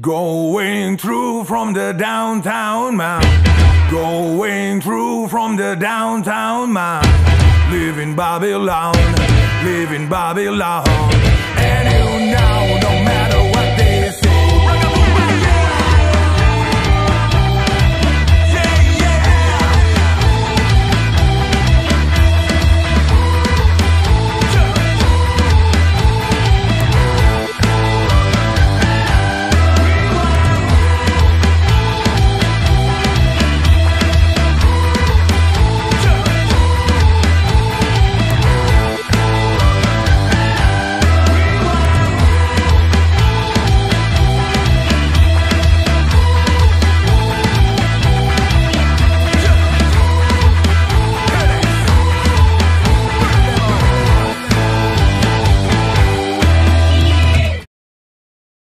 Going through from the downtown man. Going through from the downtown man. Living Babylon, living Babylon.